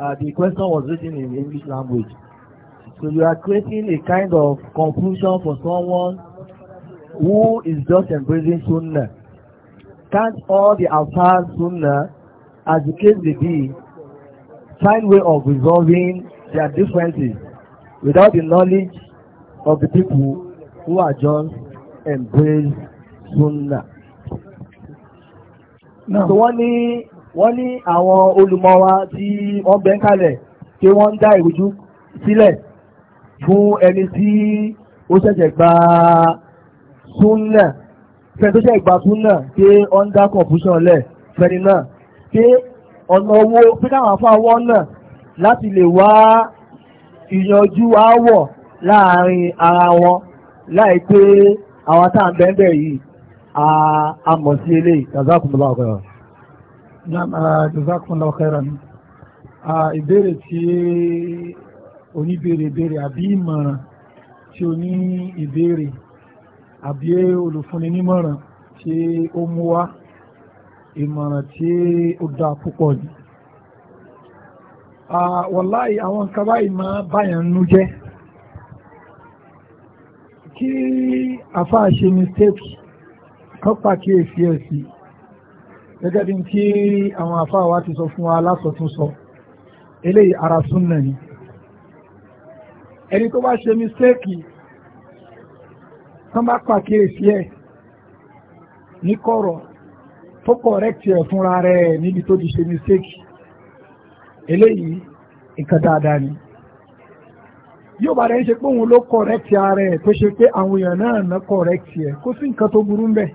uh, the question was written in English language. So you are creating a kind of confusion for someone who is just embracing Sunnah. Can't all the outside Sunnah, as the case may be, find way of resolving their differences without the knowledge of the people who are just embrace Sunnah. No. So wọ́n ní wọ́n ní àwọn olùmọ̀ wa tí wọ́n bẹ́ ń kalẹ̀ pé wọ́n ń dá ìrújú sílẹ̀ fún ẹni tí ó ṣẹ̀ṣẹ̀ gba súnnà fẹ́ni tó ṣẹ̀ṣẹ̀ gba súnnà pé wọ́n ń dá confusion lẹ̀ fẹ́ni náà pé ọ̀nà owó pé káwọn afọ àwọn náà láti lè wá ìyanjú aáwọ̀ láàárín ara wọn láì pé àwọn tá à ń bẹ́ẹ̀ bẹ́ẹ̀ yìí a mọ̀ sí eléyìí tàbí àkùnbọ̀lá ọ̀gọ̀rọ̀. Ah, jazakumullahu khairan ah, ìbéèrè tí oníbèrè ìbéèrè àbí ìmọ̀ràn tí o ní ìbéèrè àbí olùfúnni nímọ̀ràn tí ó mú wá ìmọ̀ràn tí ó dá púpọ̀ ni. Ah, wàláì àwọn nǹkan báyìí máa báyàn nú jẹ́ kí àfáà ṣe mistake kọ́pàá kí èsì ẹ̀ gẹ́gẹ́ bí kí àwọn àfáàwá ti sọ fún wa lásọtún sọ eléyìí ara súnnà ni ẹni tó bá ṣe mistéèkì tán bá pàkíyèsí ẹ̀ ní kọ̀rọ̀ tó kọ̀rẹ́kì ẹ̀ fúnra rẹ̀ níbi tó ti ṣe mistéèkì eléyìí nǹkan dáadáa ni yóò bá rẹ̀ ń ṣe pé òun ló kọ̀rẹ́kì ara ẹ̀ tó ṣe pé àwọn èèyàn náà ná kọ̀rẹ́kì ẹ̀ kó sí nǹkan tó burú ń bẹ́ẹ̀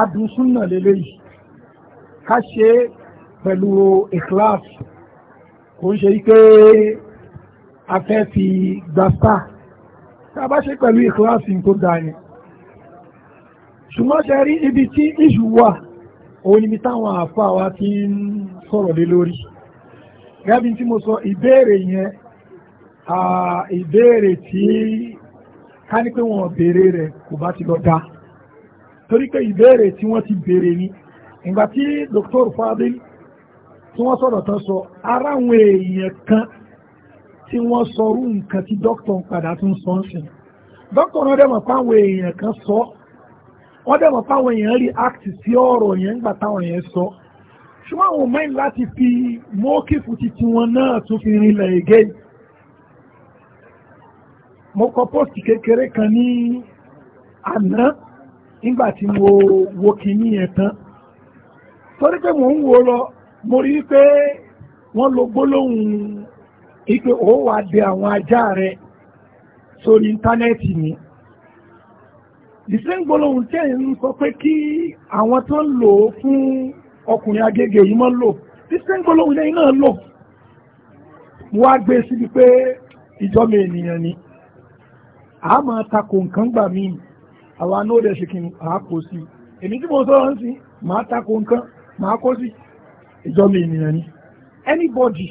adùnsúnà lélẹ́yìí ká ṣe pẹ̀lú ikhlas kò ń ṣe pé a fẹ́ fi gba star tá a bá ṣe pẹ̀lú ikhlas tó ga ni ṣùgbọ́n ṣe rí ibi tí ìṣù wà òun níbi táwọn àfa wa ti ń sọ̀rọ̀ lé lórí gẹ́bí tí mo sọ ìbéèrè yẹn ìbéèrè tí ká ní pé wọ́n béèrè rẹ̀ kò bá ti lọ dáa torí pé ìbéèrè tí wọ́n ti béèrè ni ìgbà tí Dr. Fadil tí wọ́n sọ̀rọ̀ tán sọ ara àwọn èèyàn kan tí wọ́n sọrú nǹkan tí dókítà ń padà tún sọ ń sìn dókítà náà dẹ̀mọ̀ páwọn èèyàn kan sọ wọ́n dẹ̀mọ̀ páwọn èèyàn rí áàkì sí ọ̀rọ̀ yẹn ńgbà táwọn yẹn sọ ṣùgbọ́n àwọn mẹ́rin láti fi mọ́kìfù titi wọn náà tún fi rinlẹ̀ ègé mo kọ póòsì kékeré kan ní àná nígbà tí mo wo kìíní yẹn tán torí pé mò ń wo lọ mo rí pé wọ́n lo gbólóhùn ipe ó wà de àwọn ajá rẹ sórí íńtánẹ́ẹ̀tì ni ìsìn gbólóhùn tẹ́ ń sọ pé kí àwọn tó ń lò ó fún ọkùnrin agége yìí mọ́ lò ìsìn gbólóhùn lẹ́yìn náà lò wá gbé e síbi pé ìjọ́mọ ènìyàn ni a máa takò nǹkan gbà míì àwa náà dẹ̀ ṣe sí èmi tí mo sọ̀rọ̀ ń sìn máa tako nǹkan máa kó sí ìjọba ènìyàn ni anybody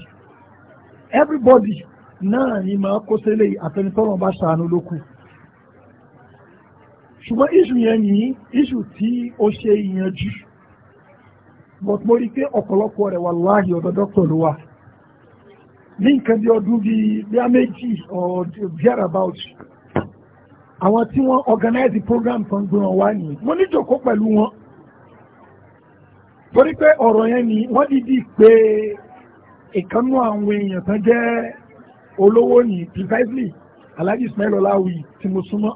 everybody náà ni máa kó sílẹ̀ àtẹnitọ́rọ̀ bá ṣàánú lókù ṣùgbọ́n iṣu yẹn ní iṣu tí ó ṣe ìyànjú but mo rí pé ọ̀pọ̀lọpọ̀ rẹ̀ wà láàyè ọ̀dọ̀ dọ́kítọ̀ ló wà ní nǹkan bí ọdún bíi bíi méjì or thereabout àwọn tí wọ́n organize program kan gbé wọn wá nìyí mo ní jòkó pẹ̀lú wọn torí pé ọ̀rọ̀ yẹn ni wọ́n dìdí pé ìkànnú àwọn èèyàn tán jẹ́ olówó ní precisely Alhaji Ismail Olawi tí mo súnmọ́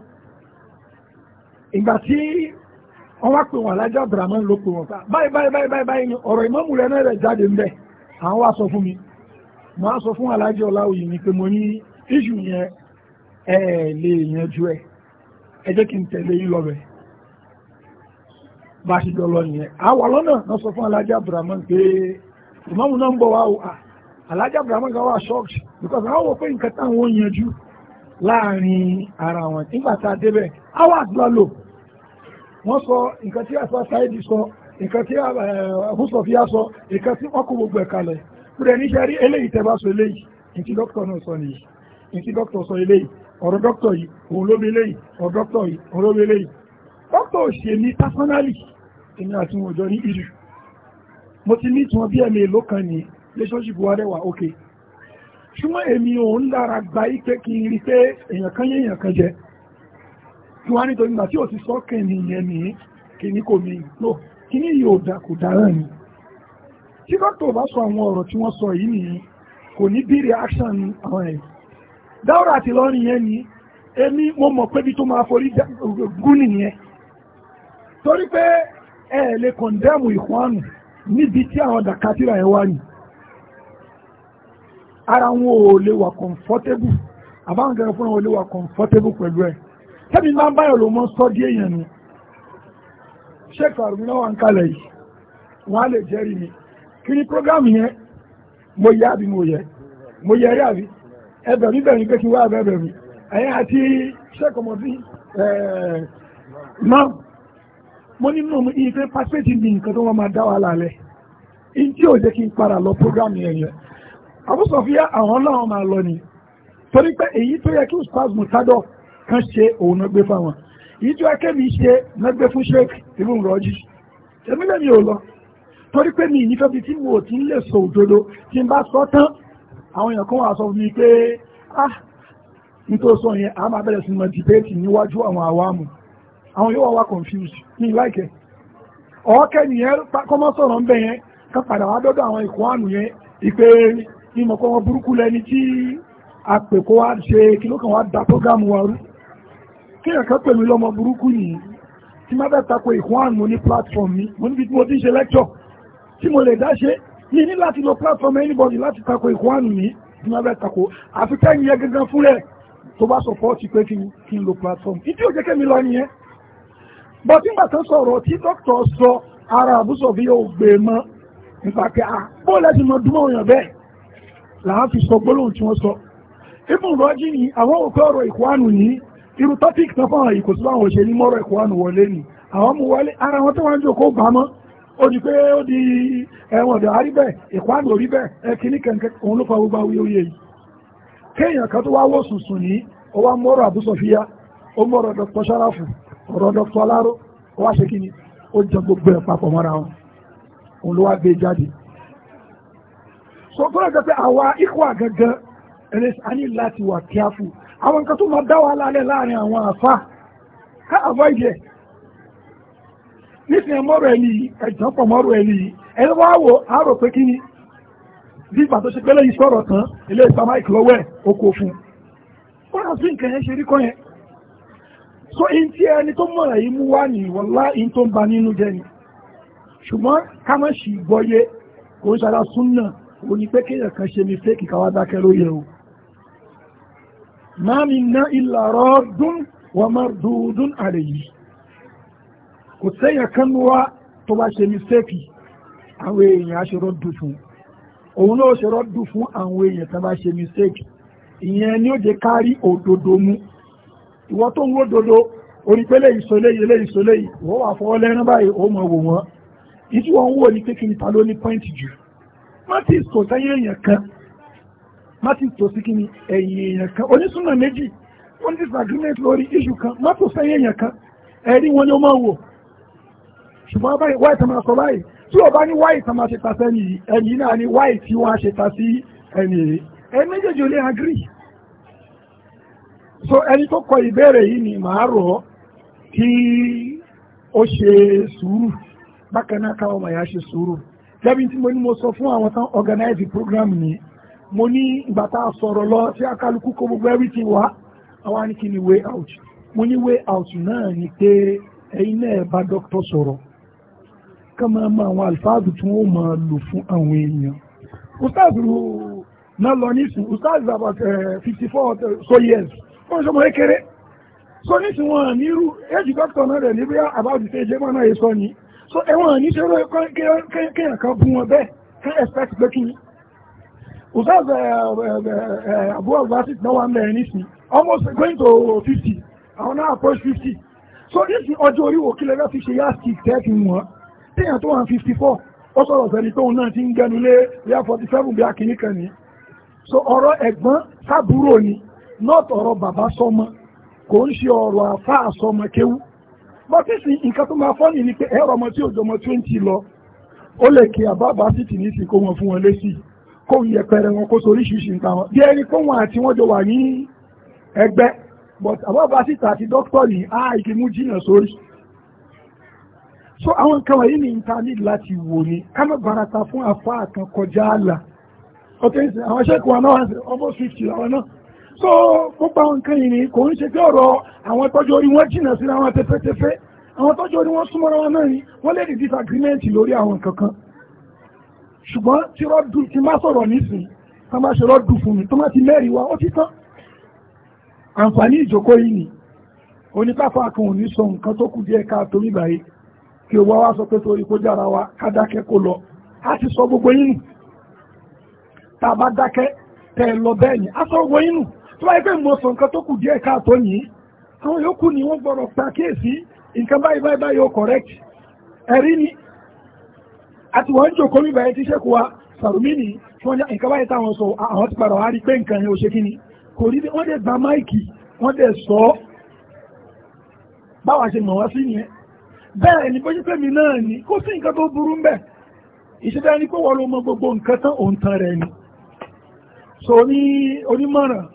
ìgbà tí wọ́n wá pè wọ́n Alhaji Abdulrahman ló pè wọ́n pa báyìí báyìí báyìí báyìí báyìí ni ọ̀rọ̀ ìmọ̀mù rẹ̀ náà rẹ̀ jáde ń bẹ̀ àwọn wá sọ fún mi mo á sọ fún Alhaji Olawi ni pé mo ní issue yẹn ẹ̀ lè yanjú ẹ̀ ẹ jẹ́ kí n tẹ̀lé yín lọ́bẹ̀ bá a ṣe jọ lọ nìyẹn lọ́nà sọ fún alájà abdulrahman pé ìmáàmù náà ń bọ̀ wá ṣọ́ọ̀ṣì ah, because àwọn pé nǹkan táwọn ń yanjú láàrin ara wọn nígbà tá a débẹ̀ àwọn àdúrà lò wọ́n sọ nǹkan tí àṣà sáyẹ́dì sọ nǹkan tí húsọ̀fíà eh, sọ nǹkan tí wọ́n kó gbogbo ẹ̀ kalẹ̀ kúrẹ́ níṣẹ́ rí eléyìí bá sọ eléyìí dókítà náà sọ nìyí sọ eléyìí ọ̀rọ̀ dọ́kítọ̀ yìí òun ọ̀rọ̀ dọ́kítọ̀ yìí òun ló ní pásánálì àti jọ ní ìrù mo ti ní tiwọn bí ẹ̀mí èlò ní relationship wa òkè ṣùgbọ́n èmi òun gba ipe kí n rí pé èèyàn kan yéèyàn kan jẹ kí wọ́n á nítorí nígbà tí ò ti sọ kẹ́ni yẹn ní ni tí bá sọ àwọn ọ̀rọ̀ sọ yìí kò ní bí àwọn ẹ̀yìn dáwọ́rà àti ni èmi mo mọ̀ pé bí tó máa forí gún nìyẹn torí pé ẹ lè kọ̀ndẹ́mù ìkùnánù níbi tí àwọn dàkátìrà ẹ̀ wá ní ara wọn ò lè wà kọ̀ǹfọ́tébù àbáwọn gẹ̀rẹ́ fún wọn ò lè wà kọ̀ǹfọ́tébù pẹ̀lú máa ń báyọ̀ ló mọ́ sọ́ wà ń kalẹ̀ yìí wọ́n mi kí ni yẹn mo yẹ àbí mo yẹ ẹbẹ̀rí bẹ̀rí pé kí wá ẹbẹ̀ mi ẹ̀yìn àti ṣẹ́kọ̀mọ̀dí náà mo nínú ìfẹ́ pàṣẹ́tì ní nǹkan tó wọ́n máa dá wa lálẹ́ ìdí ò jẹ́ kí n para lọ prógrámù yẹn yẹn àbúsọ̀fíà àwọn náà máa lọ ni torí pé èyí tó yẹ kí ustaz mutadọ kan ṣe òun náà gbé fáwọn èyí tó yẹ kémi ṣe náà gbé fún sheik ibùn rọjí èmi lẹ́mi ò lọ torí pé mi ìyífẹ́ bíi tí mo ò ti ń lè sọ òdodo tí n bá sọ tán àwọn èèyàn kan wà sọ fún mi pé ah nítorí sọ yẹn a máa bẹ̀rẹ̀ sí mọ dìbẹ́ẹ̀tì níwájú àwọn àwámu àwọn yóò wá wá confused ní ìláìkẹ́ ọ̀ọ́kẹ́ nìyẹn kọ́mọ́ sọ̀rọ̀ ń bẹ̀ yẹn ká padà wá dọ́dọ̀ àwọn ìkọ́ àánú yẹn ìpè ìmọ̀ kọ́ wọn burúkú lẹni tí àpè kó wá ṣe kí ló kàn wá da prógámù wa rú kéèyàn kan pè mí lọ́mọ burúkú nìyí tí má bẹ́ẹ̀ tako ìkọ́ àánú ní platform mi mo níbi tí mo ti ń ṣe lecture tí mo lè dá ṣe ní ní láti lo platform anybody láti tako ìkwánu mi tí wọ́n bẹ́ tako àfi kẹ́yìn yẹ gangan fún rẹ̀ tó bá sọpọ́ọ̀tì pé kí n lo platform ìdí òjẹ́ kẹ́mi lọ nìyẹn bọ́tí ń gbàtán sọ̀rọ̀ tí dókítà sọ ara àbúsọ̀ bí yóò gbé e mọ́ nípa pé à ah, bó lẹ́sìn mọ́ dúmọ̀ òyàn bẹ́ẹ̀ làá fi sọ gbólóhùn tí wọ́n sọ ibùn rọ́jí ni àwọn òkú ọ̀rọ̀ ìkwánu yìí irú tọ́píìkì tán fáwọn ìkòsíwáwọn òṣèlú mọ́rọ̀ ìkwánu wọlé ni àwọn mú wọlé ara wọn tó wá ń jòkó bámọ́ ó ó di ẹ̀wọ̀n ọ̀dọ̀ àríbẹ̀ ìkwánù oríbẹ̀ ẹkìní kẹ̀kẹ́ òun ló fa gbogbo awuyewuye yìí kéèyàn kan tó wá wò sùsùn ní ó mọ́rọ̀ àbúsọ̀fíà ó mọ́rọ̀ dr sharafu ọ̀rọ̀ dr aláró ó wá ṣe kí ni ó jẹ gbogbo ẹ̀ papọ̀ mọ́ra wọn òun ló wá gbé e jáde pé àwa àgangan a láti wà kíáfù àwọn nǹkan tó máa dá wàhálà láàrin àwọn nísìnyẹ mọ́rọ̀ ẹni ẹ̀jọ́ pọ̀ mọ́rọ̀ ẹni ẹni wá wò àárò pé kí ni bí ìgbà tó ṣe pé lẹ́yìn sọ̀rọ̀ tán ilé ìta máìkì lọ́wọ́ ẹ̀ oko fún wọn àti nǹkan yẹn ṣe rí kọ́ yẹn so in ti ẹni tó mọ̀rọ̀ yìí mú wá ní wọ́lá in tó ń ba nínú jẹ ni ṣùgbọ́n ká má ṣì gbọ́yé kò ń ṣara súnà kò ní pé kéèyàn kan ṣe mistake káwá dákẹ́ lóye o máa mi ná ìlà rọ́ọ̀dún wọ́n máa dùn dùn àrè yìí kò sẹ́yìn kan wá tó bá ṣe mistake àwọn èèyàn aṣọ́rọ̀ dùn fún òun náà ṣọ́rọ̀ dùn fún àwọn èèyàn tó bá ṣe mistake ìyẹn ni ó jẹ kárí òdodo mú ìwọ tó ń wó dodo orí pé léyìí sọ léyìí léyìí sọ léyìí wọ́n wà fọwọ́ lẹ́rán báyìí ó mọ̀ wò wọ́n ìtú wọn wò ní pé kí ni ta ló ní pọ́ìntì jù wọ́n ti sọ sẹ́yìn èèyàn kan má ti tò sí kí ni ẹ̀yìn èèyàn kan onísùnà méjì wọ́n disagreement lórí issue kan má tò sẹ́yìn èèyàn kan ẹ̀rí wọn ni ó máa wò ṣùgbọ́n báyìí wáì tán máa sọ báyìí tí ò bá ní wáì tán máa ṣe ta sẹ́ni ẹni náà ni wáì tí wọ́n á ṣe ta sí ẹni èyí ẹni méjèèjì ò lè agree so ẹni tó kọ ìbéèrè yìí ni màá rọ̀ kí ó ṣe sùúrù bákan náà káwọn ọmọ yà ṣe sùúrù lẹ́bi tí mo ní mo sọ fún àwọn tán organize program ni mo ní ìgbà tá a sọ̀rọ̀ lọ sí akálukú kó gbogbo everything wá àwọn àníkí ni way out mo ní way out náà ni pé ẹ̀yin náà bá dókítà sọ̀rọ̀ kán máa mọ àwọn àlùfáàdù tí wọ́n máa lò fún àwọn èèyàn ustaz náà lọ nísìn ustaz about eh, fifty four eh, so years wọ́n sọ mọ́ ékeré so nísìn wọn nírú éjì dókítà náà rẹ̀ níbi about the stage ẹgbẹ́ náà yẹ sọ ni so ẹ̀wọ̀n ní ṣe kéèyàn kan bú wọn bẹ́ẹ̀ kán expect pé kí ni ustaz eh, abu albasit náà wà mẹ́rin nísìn almost going to fifty àwọn náà approach fifty so nísìn ọjọ́ orí wò kí lẹ́gbẹ́ fi ṣe yá stick tẹ́ẹ̀kì wọn téèyàn tó wà fifty four ó sọ̀rọ̀ sẹ́ni tóun náà ti ń gẹnu lé yá forty seven bí akínní kan ní. so ọ̀rọ̀ ẹ̀gbọ́n sábúrò ni not ọ̀rọ̀ bàbá sọmọ kò ń ṣe ọ̀rọ̀ àfáà sọmọ kéwú bọ́tíìsì nǹkan tó máa fọ́nì ni pé ẹ̀rọ ọmọ tí òjò ọmọ twenty lọ ó lè kí àbábà sì tì ní sí kó wọn fún wọn lé sí i kó ń yẹpẹrẹ wọn kó soríṣiríṣi nǹkan wọn bí ẹni kó wọn àti wọn jọ wà ní ẹgbẹ́ but àbábà sì tà àti dókítà ní àìkímú ah, jìnnà sórí so àwọn nǹkan wọ̀nyí ní internet láti wò ní ká má barata fún afá kan kọjá àlà ọ̀tẹ́ ìsìn àwọn ṣẹ́kù wọn náà ọmọ fifty làwọn náà so gbogbo àwọn nǹkan yìí ni kò ń ṣe pé ọ̀rọ̀ àwọn tọ́jú orí wọn jìnnà síra wọn tẹ́fẹ́tẹ́fẹ́ àwọn tọ́jú orí wọn súnmọ́ra wọn náà ni wọ́n lè di disagreement lórí àwọn nǹkan kan ṣùgbọ́n tí rọ́dù ti má sọ̀rọ̀ nísìn tó má ṣe rọ́dù ni oníkàfà kan ò ní sọ nǹkan tó kù díẹ̀ kí o wá wá sọ pé torí lọ a ti sọ gbogbo yín nù tá a lọ bẹ́ẹ̀ a sọ gbogbo yín nù tó pé mo sọ nǹkan tó kù díẹ̀ káàtó yìí àwọn yòókù ni wọ́n gbọ́dọ̀ pàkíyèsí nǹkan báyìí báyìí báyìí ó correct ẹ̀rí ni àti wọ́n ń jòkó mi báyìí wa sàrùmí ni tí wọ́n nǹkan báyìí táwọn sọ àwọn ti padà wá rí pé nǹkan yẹn ò ṣe kí ni kò rí wọ́n dẹ̀ gba máìkì wọ́n dẹ̀ sọ báwa ṣe mọ̀ bẹ́ẹ̀ ni bó ṣe pé mi náà ni sí nǹkan tó burú mbẹ̀ ìṣẹ́dá ni pé wọ́n ló mọ gbogbo nǹkan tán òun tán rẹ̀ ni so ní onímọ̀ràn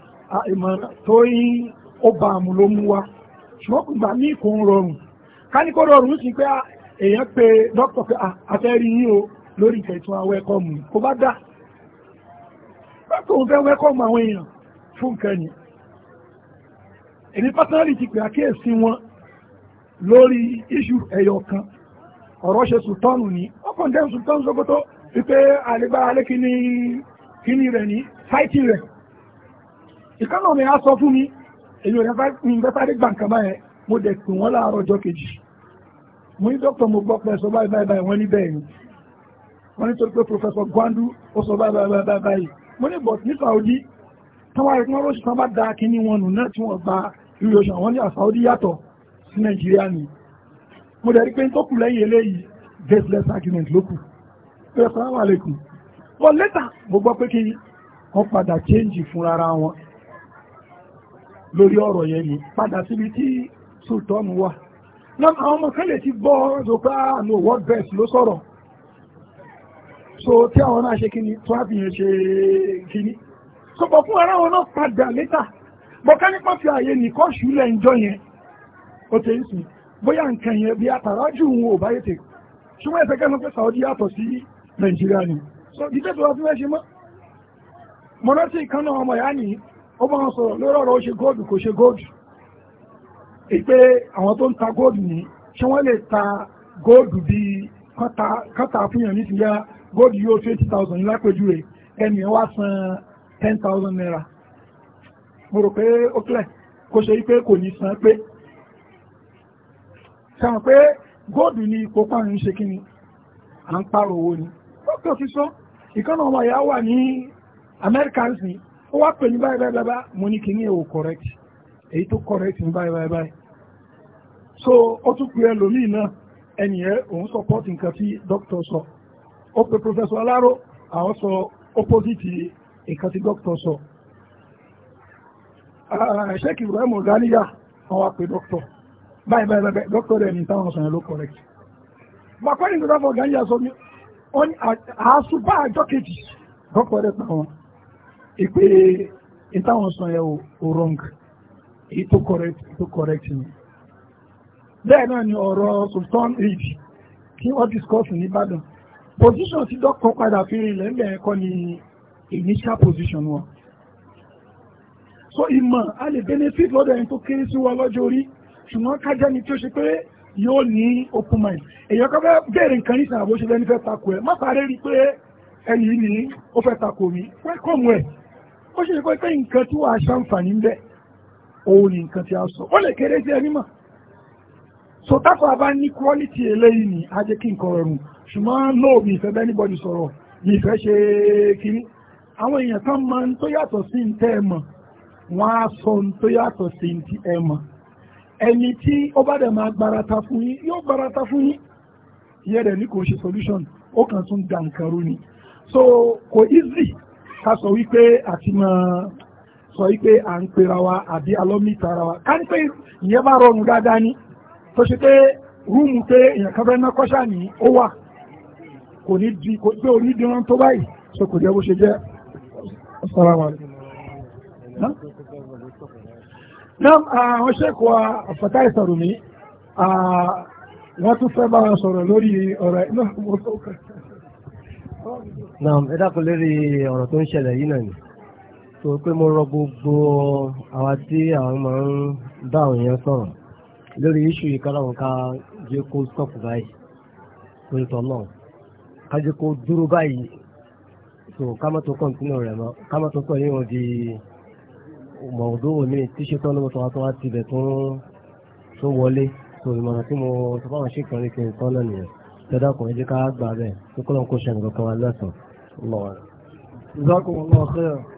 ìmọ̀ràn tó yín ó bá àmú ló mú wa ṣùgbọ́n gbà ń rọrùn ká ní kó rọrùn sí pé èèyàn pe dókítà pé yín o lórí bá dà fẹ́ ni lórí iṣu ẹ̀yọ̀ kan ọ̀rọ̀ ṣe sùtọ́nù ní ọkàn jẹ́ sùtọ́nù sókótó wípé àlegbára lé kíní rẹ̀ ní sáìtì rẹ̀ ìkànnà mi á sọ fún mi èyí rẹ̀ fẹ́ gbàǹkà báyẹn mo dẹ̀ pè wọ́n láàárọ̀ ọjọ́ kejì mo ní dókítà mo gbọ́ pé sọ báyìí báyìí báyìí wọ́n ní bẹ́ẹ̀ ni wọ́n ní tó pé professor Gwandu ó sọ báyìí báyìí báyìí báyìí mo ní bọ̀t ní Saudi táwọn àrètí wọn lóṣù kan bá da kíní wọn nù náà tí wọ́n gba irú oṣù àwọn ní àsaudi yàtọ̀ sí nàìjíríà ni mo dẹ̀ rí pé tó kù lẹ́yìn eléyìí baseless argument ló kù pé assalamu alaikum but later mo gbọ́ pé kí wọ́n padà change fúnra ara wọn lórí ọ̀rọ̀ yẹn ni padà síbi tí sultan wà náà àwọn ọmọ kan lè ti gbọ́ ọ̀rọ̀ pé àánú ah, world best ló sọ̀rọ̀ so tí àwọn náà ṣe kíni tó àfihàn ṣe kíni so bọ̀ fún ara wọn náà padà later bọ̀ nípa fi àyè nìkan ṣùlẹ̀ ń jọ yẹn ó tẹ́ ìsìn bóyá nǹkan yẹn bí àtàrájù òun ò báyé tẹ̀ ṣùgbọ́n ẹ̀fẹ́ kẹ́sàn pé Saudi yàtọ̀ sí Nàìjíríà ni so ìdílé tó wá fún ẹṣin mọ́ mọ́nọ́tì kan náà ọmọ ìyá nìyí ó bá wọn sọ̀rọ̀ lórí ọ̀rọ̀ ó ṣe góòdù kò ṣe góòdù ìpé àwọn tó ń ta góòdù ní ṣé wọ́n lè ta góòdù bí kọ́ta fúnyàn ní ìsìnyá góòdù yóò twenty thousand lápèjúwe ẹni wá san ten thousand naira mo rò pé ó kílẹ̀ kó pé kò ní san pé sọ pé góòdù ní ipò pàrọ̀ ń ṣe kí ni à ń pàrọ̀ owó ni dókítà fi sọ ìkànnà ọmọ ìyá wà ní Americans ni ó wá pè ní báyìí báyìí báyìí mo ní kí ní èwo correct tó correct ní báyìí báyìí so ó tún pè náà ẹnì òun support nǹkan tí pe professor Aláró àwọn sọ opposite báyìí báyìí báyìí dọ́kítọ̀ rẹ̀ ní táwọn sọ̀rọ̀ ló correct bàkọ́ni tó dáfọ̀ gàáyà sọ ní àásù bá àjọ kejì dọ́kítọ̀ rẹ̀ táwọn ìpè ìtàwọn sọ̀rọ̀ ò wrong ìtò correct ìtò correct ni bẹ́ẹ̀ náà ni ọ̀rọ̀ Sultan Eid tí wọ́n discuss ní Ìbàdàn position tí dọ́kọ̀ padà fi rinlẹ̀ ńlẹ̀ ẹ̀kọ́ ni initial position wọn so ìmọ̀ a lè benefit lọ́dọ̀ ẹni tó kéré sí wa lọ́jọ́ orí ṣùgbọ́n kaja ni tí ó ṣe open mind èyàn kan fẹ́ bèèrè nǹkan nísìnyí àbó ṣe fẹ́ takò ẹ̀ má parí rí pé ó fẹ́ takò mi wẹ́kọ̀mù ẹ̀ ó ṣe pé pé nǹkan tí wàá ṣàǹfààní ń ni nǹkan tí a sọ ó lè kéré sí ẹni mà so tako aba ní quality eléyìí ni a jẹ́ kí nǹkan rọrùn ṣùgbọ́n no mi ìfẹ́ bẹ́ẹ̀ anybody sọ̀rọ̀ mi ìfẹ́ ṣe kiri àwọn èèyàn kan máa ń tó yàtọ̀ sí ẹni tí ó bá dẹ̀ máa gbarata fún yín yóò gbarata fún yín yẹ́ rẹ̀ ní kò ṣe solution ó kàn tún da nǹkan rú ni so kò easy ká sọ wípé àti máa sọ wípé à ń pera wa àbí alọ́mìta ara wa ká ní pé ìyẹn bá rọrùn dáadáa ni tó ṣe pé rúùmù pé èèyàn kan fẹ́ ná kọ́ṣà ní ó wà kò ní di kò pé orí dìran tó báyìí so kò jẹ́ bó ṣe jẹ́ assalamu alaikum nam ah, àwọn ṣẹ́kọ̀ọ́ àfàtà ìsàrùmí wọ́n tún fẹ́ bá wọn sọ̀rọ̀ lórí ọ̀rọ̀ iná mọ́tòkà. naam ẹ dákun lérí ọ̀rọ̀ tó ń ṣẹlẹ̀ yìí náà ni tó pé mo rọ gbogbo àwa tí àwọn máa ń bá àwọn èèyàn sọ̀rọ̀ lórí iṣu yìí káláwọn ká jẹ́ kó sọ́ọ̀pù báyìí pé tọ́ náà ká jẹ́ kó dúró báyìí tó ká má tó kọ̀ǹtínú rẹ̀ mọ́ ká má tó sọ yíyan di mọ̀ọ́dọ́ mi tí ṣetán ló tó wá tó wá tilẹ̀ tó wọlé tó ìmọ̀ràn tí mo sọ fáwọn ṣe kan ní kí n tán náà nìyẹn tẹ́dá kò ní jẹ́ ká gbà bẹ́ẹ̀ kí kọ́lọ́n kó ṣe nǹkan kan wá lọ́sàn-án